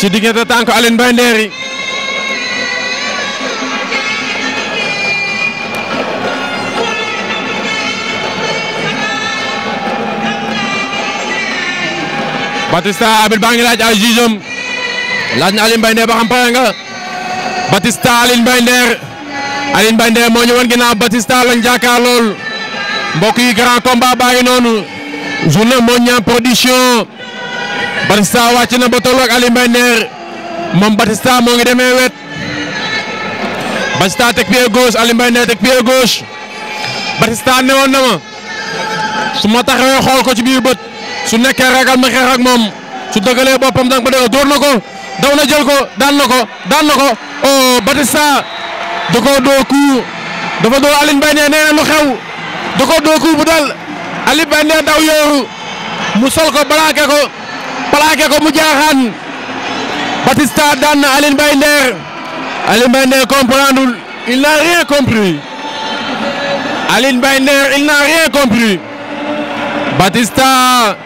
ci diggante tànk Alioune Mbaye Ndeeri Batista arbitre baa ngi laaj ay na Alioune Mbaye Nder Batista Alioune Mbaye Nder Alioune Mbaye Nder moo ñëwoon Batista lañ jàkkaar lool mbokk yi grand combat baa production Batista wàcc na ba tolloog Ali Mbaye Nder moom Batista moo ngi demee wet Batista teg pied gauche Ali Mbaye Nder teg pied ma su ma taxawee xool ko ci biir bët su nekkee ragal ma xeex ak moom su dëgalee boppam dang ba dee na ko daw na jël ko daan na ko daan na ko oh Batista da koo doo dafa dóor Ali Mbaye Nder lu xew da koo doo bu dal Ali Mbaye daw yooru mu sol ko balaake ko. plaqué ko mu jaaxaan Batista daan na Alioune Mbaye Nder Alioune il n'a rien compris Alioune Mbaye il n'a rien compris Batista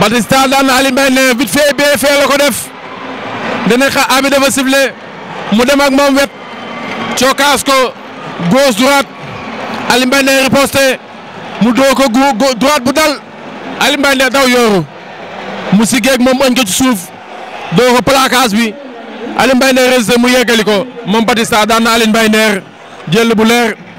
Batista daan na Alioune Mbaye Nder vite fait bien fait xa abi dafa sifflé mu dem moom wet cokaas ko gauche droite Alioune Mbaye Nder mu doo ko bu dal Alioune Mbaye Nder yooru mu siggee ak moom añ ko suuf doo ko placage bi Alioune mbay Nder résisté mu yeggali ko moom Batista daan na Alioune mbay Nder jël bu leer.